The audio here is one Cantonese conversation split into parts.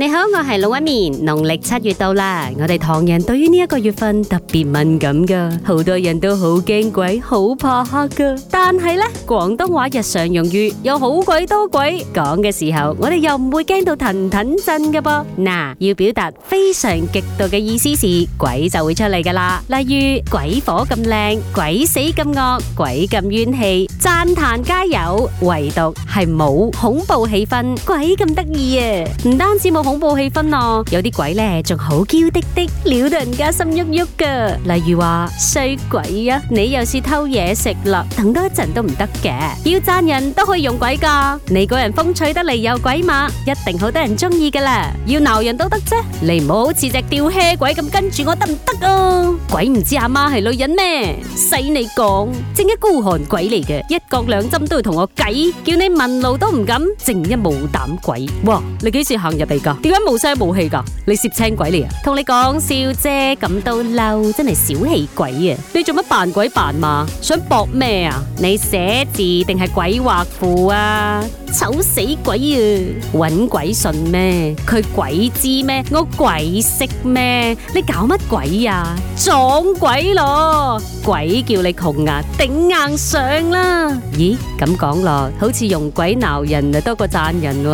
你好，我係龍紋敏。農曆七月到啦，我哋唐人對於呢一個月份特別敏感噶，好多人都好驚鬼，好怕黑噶。但係呢，廣東話日常用語有好鬼多鬼講嘅時候，我哋又唔會驚到騰騰震噶噃。嗱，要表達非常極度嘅意思時，鬼就會出嚟噶啦。例如鬼火咁靚，鬼死咁惡，鬼咁怨氣，讚彈皆有，唯獨係冇恐怖氣氛，鬼咁得意啊！唔單止冇。恐怖氣氛咯，有啲鬼咧仲好嬌滴滴，撩到人家心喐喐噶。例如話，衰鬼啊，你又試偷嘢食咯，等多一陣都唔得嘅。要讚人都可以用鬼噶，你個人風趣得嚟有鬼馬，一定好得人中意噶啦。要鬧人都得啫，你唔好好似隻吊靴鬼咁跟住我得唔得啊？鬼唔知阿媽係女人咩？使你講，正一孤寒鬼嚟嘅，一角兩針都要同我計，叫你問路都唔敢，正一無膽鬼。哇，你幾時行入嚟噶？點解冇聲冇氣噶？你攝青鬼嚟啊！同你講笑啫，咁都嬲，真係小氣鬼啊！你做乜扮鬼扮馬？想博咩啊？你寫字定係鬼畫符啊？醜死鬼啊！搵鬼信咩？佢鬼知咩？我鬼識咩？你搞乜鬼啊？撞鬼咯！鬼叫你窮啊！頂硬上啦！咦？咁講咯，好似用鬼鬧人啊，多過讚人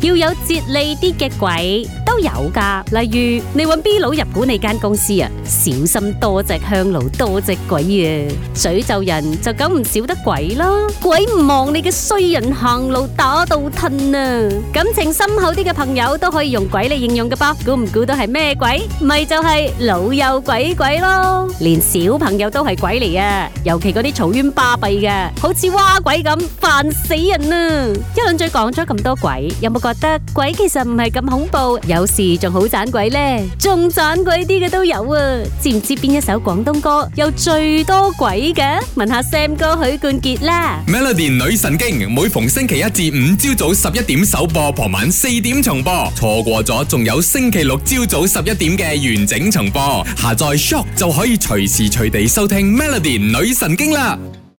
喎！要有哲理啲嘅。鬼。都有噶，例如你揾 B 佬入股你間公司啊，小心多隻香爐多隻鬼啊！詛咒人就梗唔少得鬼啦，鬼唔望你嘅衰人行路打倒褪啊！感情深厚啲嘅朋友都可以用鬼嚟形容嘅噃，估唔估到係咩鬼？咪就係老友鬼鬼咯！連小朋友都係鬼嚟啊，尤其嗰啲嘈冤巴閉嘅，好似蛙鬼咁，煩死人啊！一輪嘴講咗咁多鬼，有冇覺得鬼其實唔係咁恐怖？有。有事仲好盞鬼呢？仲盞鬼啲嘅都有啊！知唔知邊一首廣東歌有最多鬼嘅？問下 Sam 哥許冠傑啦。Melody 女神經，每逢星期一至五朝早十一點首播，傍晚四點重播，錯過咗仲有星期六朝早十一點嘅完整重播。下載 Shock 就可以隨時隨地收聽 Melody 女神經啦。